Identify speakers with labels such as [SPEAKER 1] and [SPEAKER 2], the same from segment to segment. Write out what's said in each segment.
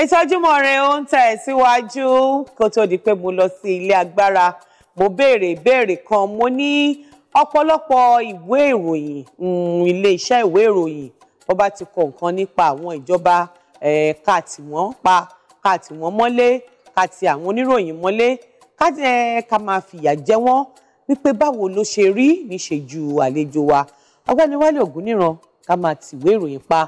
[SPEAKER 1] ètò Ojúmọ́ Ire ó ń tẹ̀síwájú kó tó di pé mo lọ sí ilé agbára mo béèrè ìbéèrè kan mo ní ọ̀pọ̀lọpọ̀ ìwé ìròyìn mm, ilé iṣẹ́ ìwé ìròyìn wọ́n bá ti kọ nǹkan nípa àwọn ìjọba ká tì wọ́n pa ká tì wọ́n mọ́lé ká ti àwọn oníròyìn mọ́lé ká máa fìyà jẹ wọ́n wípé báwo ló ṣe rí níṣe ju àlejò wa Ọ̀gbẹ́ni Wálé Ògúnníran ká máa tìwé ìròyìn pa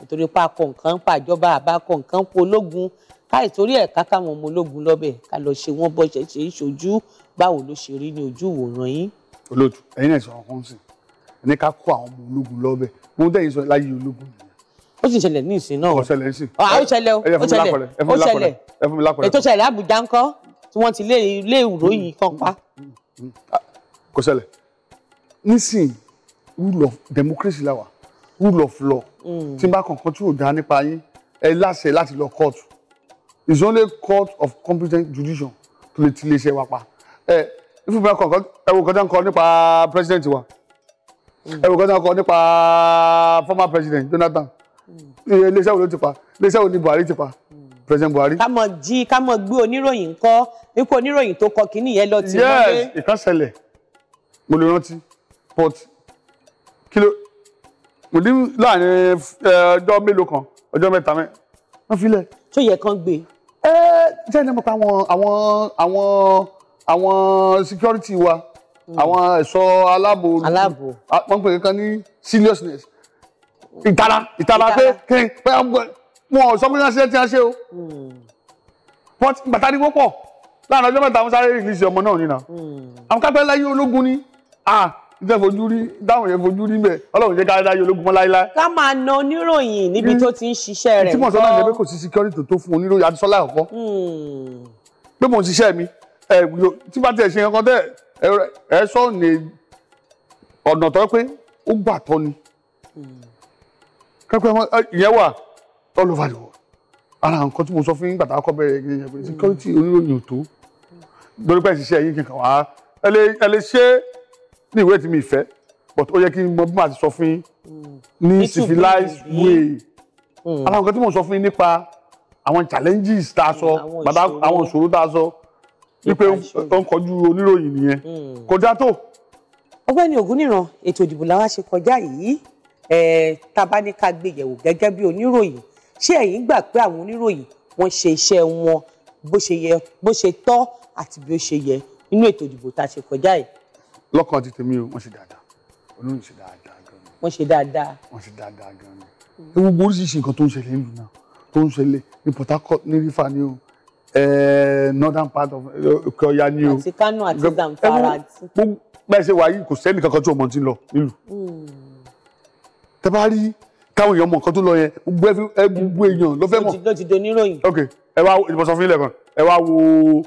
[SPEAKER 1] nítorí pa akọ nǹkan pàjọba àbákọ nǹkan po ológun káì torí ẹ̀ káká wọn ọmọ ológun lọ́bẹ̀ ká lọ ṣe wọ́n bọ́ ṣe ṣe ìṣojú báwo ló ṣe rí ní ojú ìwòran yín. olóòtú ẹ̀yin náà sọ àwọn kan sìn ẹni ká kó àwọn ọmọ
[SPEAKER 2] ológun lọ́bẹ̀ mo dẹ́yìn sọ láyé ológun nìyẹn ó sì ṣẹlẹ̀ ní ìsìn náà. ó ṣẹlẹ̀ ìsìn. ó ṣẹlẹ̀ ó ṣẹlẹ̀ ó ṣẹlẹ̀ ètò
[SPEAKER 1] ṣẹlẹ̀ Àbújá ńkọ́ tí wọ́n ti lé ilé ìròyìn kan pa.
[SPEAKER 2] kò ṣẹlẹ̀ nísìn rule of democracy la wà rule of law mm. tí n bá kankan tí ò dá nípa yín ẹ láṣẹ láti lọ court it's only court of competent judicial tó lè ti lè ṣe wa pa ẹ ìfúnpẹ kankan ẹ wò kọjá nǹkan nípa president wa mm. ẹ wò kọjá nǹkan nípa former president Jonathan mm. iléeṣẹ́ wo ló ti pa iléeṣẹ́ wo ni Buhari ti pa
[SPEAKER 1] president Buhari. ká mọ jí ká mọ gbé oníròyìn kọ wípé oníròyìn tó kọ kínní yẹn lọ ti lọ dé. yes ìkànsẹ̀lẹ̀ mo lè rántí port kí ló
[SPEAKER 2] mùdí láàrin ọjọ́ mélòó kan ọjọ́ mẹ́ta mẹ́ wọ́n filẹ̀. tó yẹ kán gbé. ẹ jẹ́ ẹni mọ̀pá àwọn àwọn àwọn àwọn security wa hmm. àwọn ẹ̀ṣọ́ aláàbò aláàbò wọ́n pè é kan ní seriousness ìtara ìtara pé kí wọn ò sọ pé wọ́n ṣe tí wọ́n ṣe o
[SPEAKER 1] hmm.
[SPEAKER 2] bàtà ni wọ́pọ̀ láàrin ọjọ́ mẹ́ta wọ́n sáré rìlíìsì ọmọ náà nínà hmm. àwọn kápẹ́lá yìí ológun ni ah, jẹ́ fojú rí dáhùn yẹn fojú rí mẹ́ ọlọ́run
[SPEAKER 1] jẹ́ káyọ̀dá yóò lógun mọ́ láíláí. ká máa na oníròyìn níbi tó ti ń ṣiṣẹ́ rẹ̀ kọ́. tí mo sọ náà ni pé
[SPEAKER 2] kò sí security tó fún oníròyìn àti sọ́lá ọ̀kọ́. pé mo ń ṣiṣẹ́ mi tí bá tiẹ̀ ṣe nǹkan tẹ́ ẹ sọ ní ọ̀nà tó pé ó gbà tọ́ ni. Hmm. kẹ́kọ̀ọ́ ìyẹn wà tọ́lùfàdìwọ̀ ara nǹkan tí mo sọ fún yín gbàtà akọ́bẹ̀rẹ̀ yẹn hmm. ẹ lè ṣe ní ìwé tí mi fẹ́ but ó yẹ kí n mọ bí màá ti sọ fún yín ní civilized way hmm. àwọn nǹkan tí mò ń sọ fún yín nípa àwọn challenges tá a sọ hmm, bàbá àwọn ìṣòro tá a sọ
[SPEAKER 1] wípé ó ń kojú oníròyìn nìyẹn hmm. kọjá tó. ọ̀gbẹ́ni Ògúnníran ètò ìdìbò làwa ṣe kọjá yìí tá a bá ní ká gbé yẹ̀wò gẹ́gẹ́ bí oníròyìn ṣé ẹ̀yin gbà pé àwọn oníròyìn wọ́n ṣe iṣẹ́ wọn bó ṣe yẹ bó ṣe tọ́ àti bí ó ṣe yẹ nínú ètò ìdìbò tá a ṣe kọjá yìí lọ́kàn ti tèmi o wọ́n ṣe dáadáa olóyún ṣe dáadáa gan ni. wọ́n ṣe dáadáa. wọ́n ṣe dáadáa gan ni.
[SPEAKER 2] ewu gbogbo oríṣiríṣi nǹkan tó ń ṣẹlẹ̀ nílùú náà tó ń ṣẹlẹ̀ ní Port Harcourt ní Rifa ni o eh, northern part of Ọya eh, ni o. àti Kano àti Zamfara àti. bẹ́ẹ̀ ṣe wáyé kò sẹ́ni kankan tí o mọ̀ ti lọ nílùú. Hmm. tẹ́ bá rí káwọn èèyàn mọ̀ nǹkan tó lọ yẹn gbogbo èèyàn ló fẹ́ mọ̀. ló ti do níròyìn. ok ẹ wá ìbọ̀sọ̀ fún ilẹ̀ kan ẹ wá wo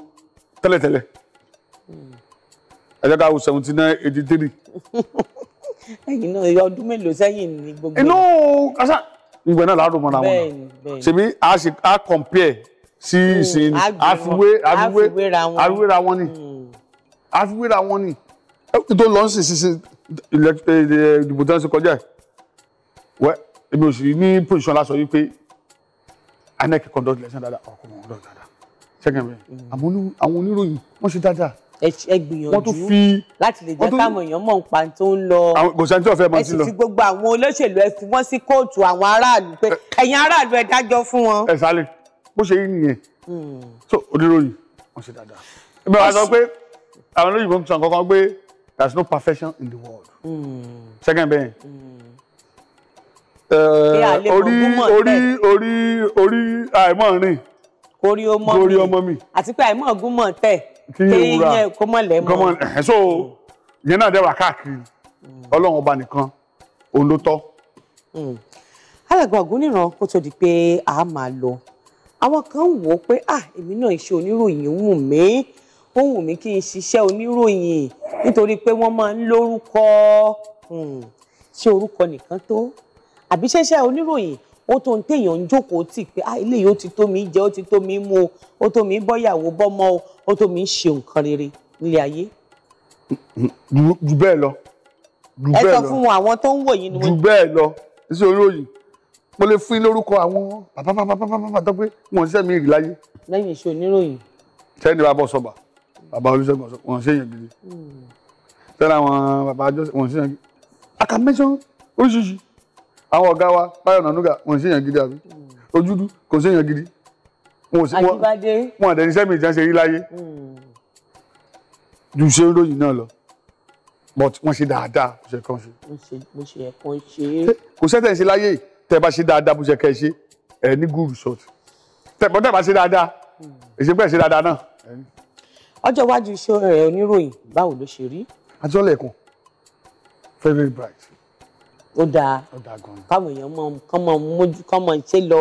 [SPEAKER 2] ẹ jẹ́ ká wo seventy nine eighty three.
[SPEAKER 1] ẹyin náà ọdún mélòó sẹ́yìn ni gbogbo. inú kásá
[SPEAKER 2] ìgbẹ́ náà láàrú mọ́ra wọn náà ṣèbí a ṣe a compare sí ìsìn àfiwé àfiwé àfiwéra wọn ni àfiwéra hmm. wọn ni tó lọ sí sísè ìdìbò tí wọ́n ṣe kọjá ẹ̀ wẹ́ ebi oṣù yìí ní pòṣíṣàn lásán yìí pé INEC conduct election dáadáa ọkọ̀ wọn conduct dáadáa ṣẹ́gun hmm. àwọn oníròyìn wọ́n ṣe dáadáa ẹ
[SPEAKER 1] gbìyànjú láti lè jẹ́ káwọn èèyàn mọ̀ nípa tó ń lọ kò sẹ́ni tí ò fẹ́ mọ̀ sí lọ ẹ sì fi gbogbo àwọn olóṣèlú ẹ fi wọ́n sí kóòtù àwọn aráàlú pé ẹ̀yin aráàlú ẹ dájọ́ fún wọn. ẹ sálẹ
[SPEAKER 2] bó ṣe yín nìyẹn hmm. so oníròyìn wọn ṣe dáadáa ẹ bẹ sọ pé àwọn olóyìnbó ń sọ nǹkan kan pé there is no perfection in the world hmm. second bẹ́ẹ̀ hmm.
[SPEAKER 1] eh, orí orí orí àìmọ̀ rìn orí ọmọ mi àti pé àìmọ̀ gúnmọ̀ tẹ̀ kí ewúra
[SPEAKER 2] gọmọ so yẹn náà dẹ́wà káàkiri mm. ọlọ́run ọba nìkan òun
[SPEAKER 1] ló tọ́. Mm. alàgbà Ògúnníran kó tó di pé a ah èmi náà iṣẹ́ oníròyìn wù mí ó wù mí kí n ṣiṣẹ́ oníròyìn nítorí pé wọ́n máa ń lórúkọ hmm. ṣé orúkọ nìkan tó àbí oníròyìn ó tó ń téèyàn ń jókòó tì pé ah eléyìí ó ti tó mi jẹ ó ti tó mi mú o ó tó mi bọ́yàwó bọ́mọ o ó tó mi ṣe nǹkan rere nílé ayé.
[SPEAKER 2] jù bẹ́ẹ̀ lọ
[SPEAKER 1] jù bẹ́ẹ̀ lọ ẹ sọ fún àwọn tó ń wò yín
[SPEAKER 2] ni wọ́n. jù bẹ́ẹ̀ lọ ṣé olóyè mo lè fún yín lórúkọ àwọn bàbá bàbá bàbá bàbá tó pé wọn ṣiṣẹ́ mi rí láyé. lẹ́yìn iṣẹ́ oníròyìn. sẹ́ni bàbá ọ̀sọ́ba hmm. bàbá olùṣègùn wọn ṣe yẹn gidi sẹ́ni àwọn ọ̀gá wa Báyọ̀ Nànúgà wọn ò sí èèyàn gidi àbí hmm. Ojúdú kò sí èèyàn gidi wọn ò sí wọn wọn àdẹni sẹ́mi ìjà ṣe rí láyé hmm. ju ṣe ń ròyìn náà lọ but wọ́n ṣe dáadáa bó ṣe kàn ṣe.
[SPEAKER 1] mo ṣe ẹ̀kan
[SPEAKER 2] ṣe. kò sẹ́tẹ̀ ṣe láyé tẹ́ bá ṣe dáadáa bó ṣe kẹ́ ṣe ẹ̀ ní good result tẹ́ bọ́ tẹ́ bá ṣe dáadáa ìṣèpẹ́ hmm. ṣe dáadáa náà.
[SPEAKER 1] ọjọ́ iwájú iṣẹ́ rẹ̀ oníròyìn báwo ló ṣe rí. ajọ́lẹ̀kùn very bright ó dáa káwọn èèyàn mọ kọ́mọ mójú kọ́mọ ṣe lọ.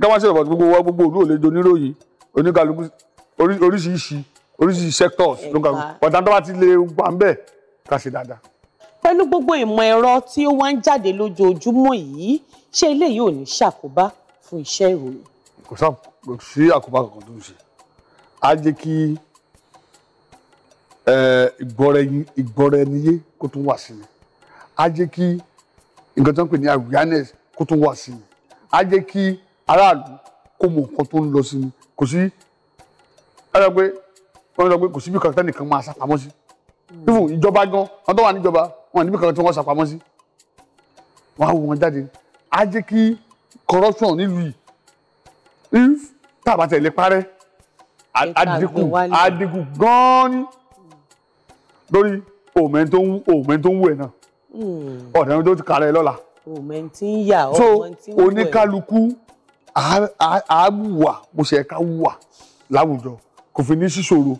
[SPEAKER 1] dáwọn ṣe ìbọ̀dù gbogbo wọ
[SPEAKER 2] gbogbo òlú òledo oníròyìn oníkàlùkù oríṣiríṣi oríṣiríṣi sectors ló ń kàlùkù ọ̀dà tó bá ti lè wà ń bẹ̀ ká ṣe dáadáa.
[SPEAKER 1] pẹ̀lú gbogbo ìmọ̀ ẹ̀rọ tí ó wá ń jáde lójoojúmọ́ yìí ṣé eléyìí ò ní ṣàkóbá fún iṣẹ́ ìròyìn. kò
[SPEAKER 2] sí àkóbá kankan tó ń ṣe á jẹ́ kí ìgbọ́ra ẹniyé kó tún wà sí i á jẹ́ kí nǹkan tó ń pè ní awareness kó tó wà sí i á jẹ́ kí aráàlú kó mọ nǹkan tó ń lọ sí i kò sí ẹ̀rọ pé wọ́n lọ pé kò sí bí kankan nìkan máa ṣàpamọ́ sí fífún ìjọba gan wọn tó wà níjọba wọn níbi kankan tí wọ́n ṣàpamọ́ sí wọn á wò wọn jáde á jẹ́ kí corruption nílùú yìí if tàbá tẹ̀lé parẹ́ àdínkù àdínkù gan-an ni lórí òmẹ́ ń wù ẹ̀ náà. Hmm. ọ̀nà tó ti kàrẹ́ lọ́la.
[SPEAKER 1] òmẹ̀ntì hmm, ń yà ọmọntì ń wẹ̀. so oníkálukú àáwùwà bó ṣe ká wùwà láwùjọ kò fi ní síṣòro.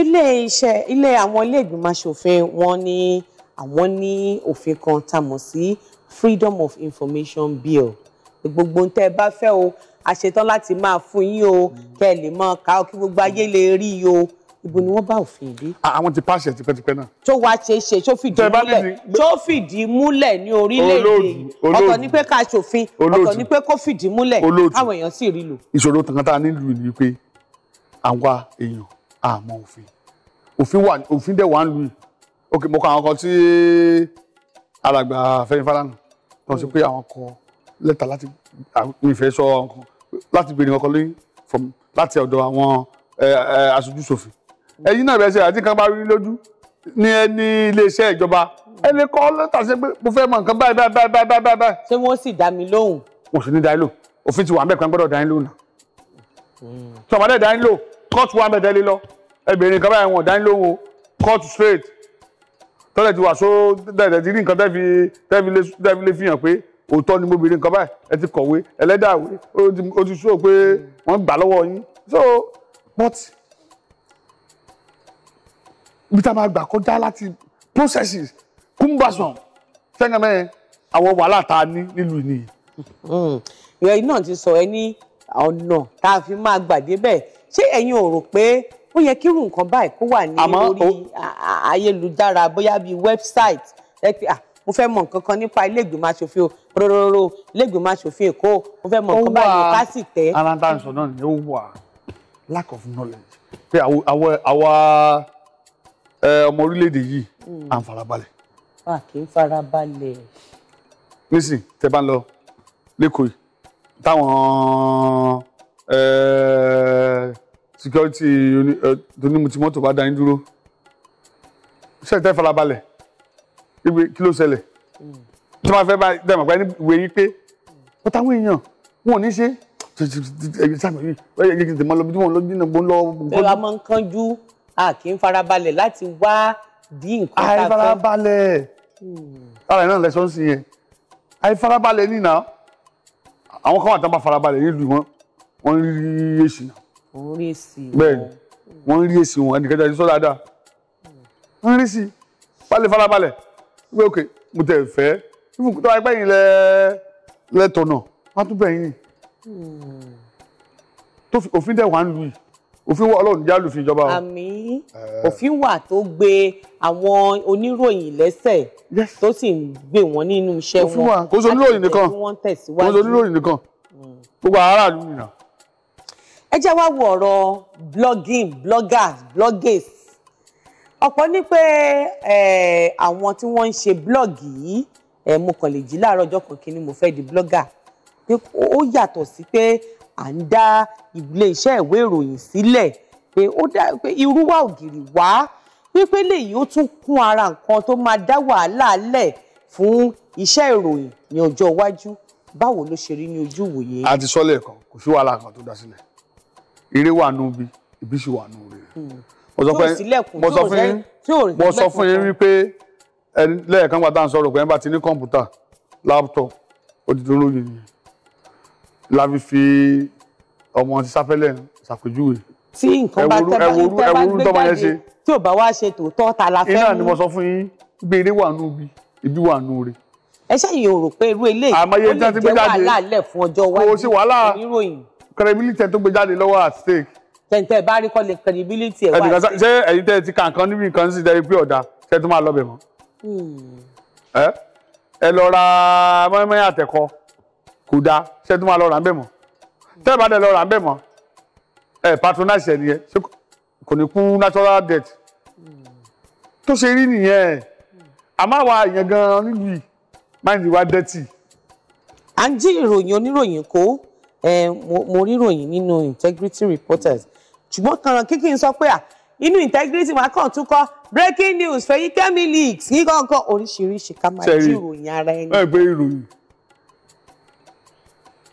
[SPEAKER 1] ilé iṣẹ́ ilé àwọn ilé ìgbìmọ̀ aṣòfin wọn ní àwọn ní òfin kan tá a mọ̀ sí freedom of information bill gbogbo ń tẹ́ ẹ bá fẹ́ o àṣetán láti máa fún yín o kẹ́ ẹ lè máa kà ó kí gbogbo ayé lè rí i o. Mm -hmm ibo ni wọ́n bá òfin dé. àwọn
[SPEAKER 2] ah, ah, ti pàṣẹ
[SPEAKER 1] tipẹ́tipẹ́ náà. tó wá ṣe é ṣe tó fìdí múlẹ̀ tó fìdí múlẹ̀ ní orílẹ̀-èdè yìí ọ̀tọ̀ ni pé ká ṣòfin ọ̀tọ̀ ni pé kó fìdí múlẹ̀ káwọn èèyàn sì rí lò.
[SPEAKER 2] ìṣòro kankan tá a nílùú ni pé àwa èèyàn àmọ́ òfin òfin wà òfin dẹ̀ wà ń lu yìí ok mo kọ àwọn kan tí alàgbà Fẹ́mi Fálànà tó ń pé mm. àwọn kan lẹ́tà láti láti ọ̀dọ̀ àwọn eh, eh, aṣojú ṣòfin ẹ̀yin náà bẹ́ẹ̀ ṣe àti kan bá rí lójú ní ẹni iléeṣẹ́ ìjọba ẹni kọ́ lẹ́tà sí pé mo fẹ́ mọ nǹkan báyìí báyìí báyìí báyìí báyìí. ṣé wọ́n sì dá mi lóhùn. o sì ní dá lò òfin ti wà mẹ́ẹ̀kan gbọ́dọ̀ dá lò náà. tí ọ̀bàdàn dá lò kóòtù wà mẹ́ẹ̀dá lé lọ ẹbìnrin kan báyìí wọn dá lóhùn o kóòtù straight tọ́lẹ̀ ti wà só dẹ̀dẹ̀ ti rí nǹkan tẹ́fi lè fihàn pé òótọ́ ni mo bèrè nǹkan báyìí ẹ ti kọ̀wé ẹlẹ́dàwé ó ti sọ pé wọ́n gbà lọ́wọ́ yín so but bí tá a máa gbà kọjá láti processes kúmbàsàn fẹ́ngẹ́mẹ́
[SPEAKER 1] àwọn wàhálà tá a ní nílùú nìyí. Hmm. ìyẹn náà ti sọ ẹ ní ọ̀nà tá a fi máa gbà débẹ̀ ṣé ẹ̀yin ò rò pé ó yẹ kí irú nǹkan báyìí kó wà ní orí ayélujára bóyá bíi website mo fẹ́ mọ̀ nǹkan kan nípa ilé ìgbìmọ̀ asòfin rororo ilé ìgbìmọ̀ asòfin èkó mo fẹ́ mọ̀ nǹkan báyìí ká sì tẹ́. ara ń dáhùn náà ni ó wà
[SPEAKER 2] lack of knowledge pé àwa ọmọ orílẹ̀-èdè yìí à ń farabalẹ̀.
[SPEAKER 1] a kì í farabalẹ̀.
[SPEAKER 2] nísìn tẹ bá ń lọ lẹ́kọ̀ọ́ yìí táwọn security onímọ̀tìmọ́tò bá dá yín dúró ṣé tẹ farabalẹ̀ ìwé kí ló ṣẹlẹ̀ tí wọ́n fẹ́ bá dẹ̀ mọ̀ pé ìwé yín pé wọ́n táwọn èèyàn wọn ò ní ṣe ẹ̀yìn sáà yìí ẹ̀yìn kìtìmọ́ lọ bí wọ́n lọ bí wọ́n lọ. ẹ wàá máa ń kánjú a kì í farabalẹ̀ láti wá bí nǹkan tá a fẹ́. àìfarabalẹ̀ ara ìran lẹ́sọ̀ ń sìn yẹn àìfarabalẹ̀ nínà àwọn kan wà tá a bá farabalẹ̀ nílùú wọn wọ́n rí èsì náà.
[SPEAKER 1] wọ́n rí èsì wọn bẹ́ẹ̀
[SPEAKER 2] wọ́n rí èsì wọn ẹnìkẹ́jà ti sọ dáadáa wọ́n rí sí balẹ̀ farabalẹ̀ wípé òkè mo tẹ̀ fẹ́ fífún tó wáyé pẹ́yìn lẹ́ lẹ́tọ̀nà wọ́n á tún bẹ̀yìn hmm.
[SPEAKER 1] tó òfin dẹ̀ wà ń lu yìí òfin wà ọlọ́run jálù fi ìjọba o. àmín eh. òfin wà tó gbé àwọn oníròyìn lẹ́sẹ̀ tó sì ń gbé wọn nínú iṣẹ́ wọn òfin wà kò sọ oníròyìn nìkan kò sọ oníròyìn nìkan gbogbo aráàlú nìyà. ẹ jẹ́ wá wo ọ̀rọ̀ blogging bloggers bloggers ọ̀pọ̀ ní pé àwọn tí wọ́n ń ṣe blọ́ọ̀gì yìí mo kàn lè jí láàárọ̀ ọjọ́ kan kí ni mo fẹ́ di blogger pé ó yàtọ̀ sí pé à ń dá ilé iṣẹ́ ìwé ìròyìn sílẹ̀ pé ó dá pé irú wa ògiri wá wípé lèyí ó tún kún ara nǹkan tó máa dá wàhálà lẹ̀ fún iṣẹ́ ìròyìn ní ọjọ́ iwájú báwo ló ṣe rí ní ojú ìwòye. a ti sọ lẹ́ẹ̀kan kò sí wàhálà
[SPEAKER 2] kan tó dá sílẹ̀ eré wà nù bí ibi sì wà nù rẹ̀.
[SPEAKER 1] Hmm. mo sọ fún yín mo sọ fún yín
[SPEAKER 2] wípé lẹ́ẹ̀kan gbàtà ń sọ̀rọ̀ pé ẹ bá ti ní kọ̀ǹpútà láptọ̀pù ó ti dúró yìí nìyẹn la fi fi ọmọ ti sáfẹ́lẹ̀ ṣàpèjúwe. tí nǹkan bá tẹ́ bá tẹ́ bá gbé jáde tí
[SPEAKER 1] ò bá wá ṣe tòótọ́ ta la fẹ́ mú. iná ni mo sọ fún yín gbére wà nù bí ibi wà nù re. ẹ ṣáàyè o rò pé irú eléyìí ó lè jẹ́ wàhálà lẹ̀ fún ọjọ́ wájú kò sí wàhálà credibility tó gbé jáde lọ́wọ́ at stake. tẹ̀ǹtẹ̀ bá rí kọ́lé credibility ẹ̀ wá. ẹnìkan ṣé
[SPEAKER 2] ẹ̀yin tẹ́ ti kàǹkan níbi nǹkan sì dẹ́rí pé ọ̀dà ṣe tó máa lọ bẹ̀ mọ́. Hmm. ẹ lọ ra mọ́ẹ́mọ́ẹ́ kò dáa ṣé tí wọn lọ rà ń bẹ mọ tẹ́ ẹ bá dẹ̀ lọ rà ń bẹ mọ ẹ patronize ẹ nìyẹn ṣé kò ní kú natural death tó ṣe rí nìyẹn àmọ́ àwa èèyàn gan-an nílùú yìí
[SPEAKER 1] máìndì wá dẹ́tì. à ń jí ìròyìn oníròyìn kó mo rí ìròyìn nínú integrity reporters ṣùgbọ́n kan kí kí n sọ pé à inú integrity wa kàn tún kọ breaking news fẹ̀yìntẹ́mi leaks kíkọ́ kan oríṣiríṣi ká máa jí ìròyìn ara
[SPEAKER 2] ẹni. ẹ gbé ìròyìn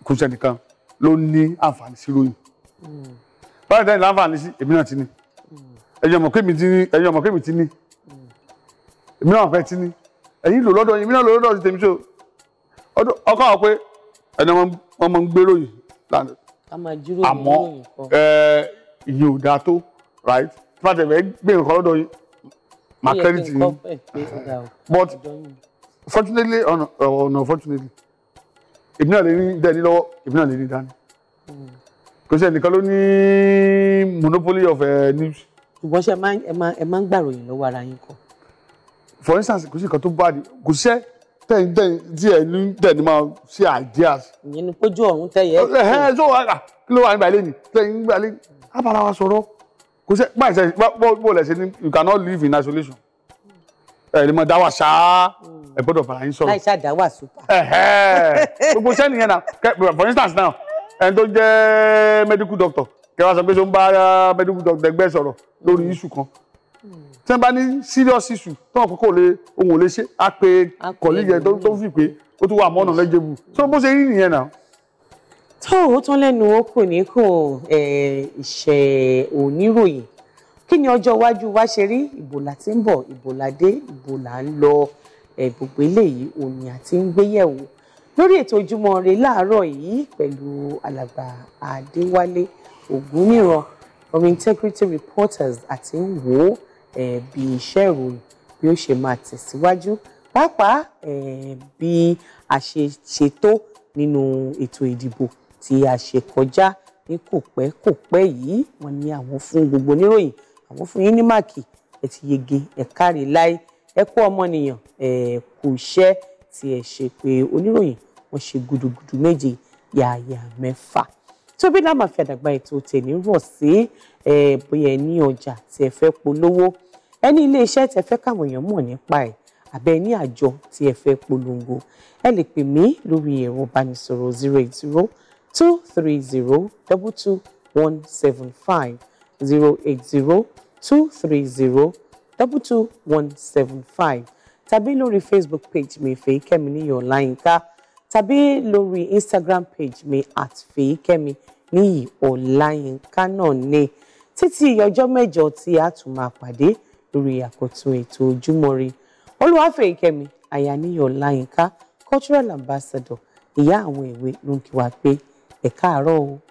[SPEAKER 2] kò sẹ́nìkan ló ní àǹfààní sí ròyìn báyìí dáhùn láǹfààní sí èmi náà ti ní ẹ̀yin ọmọ kémi ti ní ẹ̀yin ọmọ kémi ti ní èmi náà fẹ́ ti ní ẹ̀yin lò lọ́dọ̀ yín èmi náà lò lọ́dọ̀ ti tèmi so ọkọ àwọn pé ẹni wọn ń gbé ròyìn lánàá àmọ́ ìyẹn ò dáa tó right tí wọ́n ti fẹ́ gbé nǹkan lọ́dọ̀ yín
[SPEAKER 1] máa kẹ́rìtì yín but
[SPEAKER 2] fortunately or unfortunately èmi náà lè ní dẹ́ni lọ́wọ́ èmi náà lè ní dání kò sí ẹnìkan ló ní monopoly of eh, news. ṣùgbọ́n ṣe
[SPEAKER 1] ẹ máa ń gbàròyìn lọ́wọ́ ara yín kọ́.
[SPEAKER 2] for instance kò sí nǹkan tó bá di kò sẹ́ tẹ̀yìn tẹ̀yìn tí ẹ̀ ní tẹ̀yìn máa ṣe ideas.
[SPEAKER 1] ìyẹn ni pójú ọ̀run tẹ̀yẹ.
[SPEAKER 2] ẹ ẹ ṣó wàá kí ló wà nígbà ilé ni tẹ̀yìn nígbà ilé ni a bára wa sọ̀rọ̀ kò sẹ́ báyìí sẹ́ bó lẹ̀ ṣe ni you cannot live in isolation ẹ lè mọ dá wà ṣáá hmm. ẹ gbọ́dọ̀ bàrà yín sọ̀rọ̀
[SPEAKER 1] láìsá dá wà super.
[SPEAKER 2] gbogbo sẹ́ni yẹn na for instance now ẹni tó jẹ́ medical doctor kẹwàá sọ pé tó ń bá uh, medical doctor ẹgbẹ́ sọ̀rọ̀ lórí hmm. issue kan hmm. tí wọ́n bá ní serious issue tó wọn kọ́kọ́ lè ohun ò lè ṣe á pe colleague yẹn tó fi pé ó tún wà mọ́nà lẹ́jẹ̀bù
[SPEAKER 1] so bó ṣe rí nìyẹn náà tó o tán lẹ́nu ó kù ní kò eh, ìṣẹ̀ oníròyìn kí ni ọjọ́ iwájú wa ṣe rí ìbò là ti ń bọ̀ ìbò là dé ìbò là ń lọ gbogbo eléyìí òní àti ń gbéyẹ̀wò lórí ètò Ojúmọ́ Ire láàárọ̀ yìí pẹ̀lú alàgbà Adéwálé Ògúnníran from integrity reporters àti ń wò ó bí iṣẹ́ ìròyìn bí ó ṣe máa tẹ̀síwájú pàápàá bí a ṣe ṣètò nínú ètò ìdìbò tí a ṣe kọjá ní kò pẹ́ kò pẹ́ yìí wọ́n ní àwọn fún gbogbo oníròyìn àwọn fún yín ní máàkì ẹ ti yege ẹ káre láì ẹ kú ọmọnìyàn ẹ kò ṣẹ́ tí ẹ ṣe pé oníròyìn wọn ṣe gudugudu méje yàyà mẹ́fà tóbi náà máa fi àdàgbà ètò tèmi rọ̀ sí ẹ bóyá ẹ ní ọjà tí ẹ fẹ́ polówó ẹ ní ilé iṣẹ́ tí ẹ fẹ́ káwọn èèyàn mọ̀ nípa ẹ̀ àbẹ́ ẹ àjọ tí ẹ fẹ́ polongo ẹ lè pè mí lórí ẹ̀rọ ìbánisọ̀rọ̀ zero eight zero two three zero double two one seven five 080 230 22175 tàbí lórí Facebook page mi Fèyíkẹ́mi níyì Ọláyínká tàbí lórí Instagram page mi at Fèyíkẹ́mi níyì Ọláyínká náà ni títí ọjọ́ mẹ́jọ tí a tún máa pàdé lórí àkọ́tún ètò Ojúmọ́ Ire Olúwafẹ́yìkẹ́mi Àyàníyì Ọláyínká cultural ambassador ìyá àwọn èwe ló ń kí wa pé ẹ káàárọ̀ o.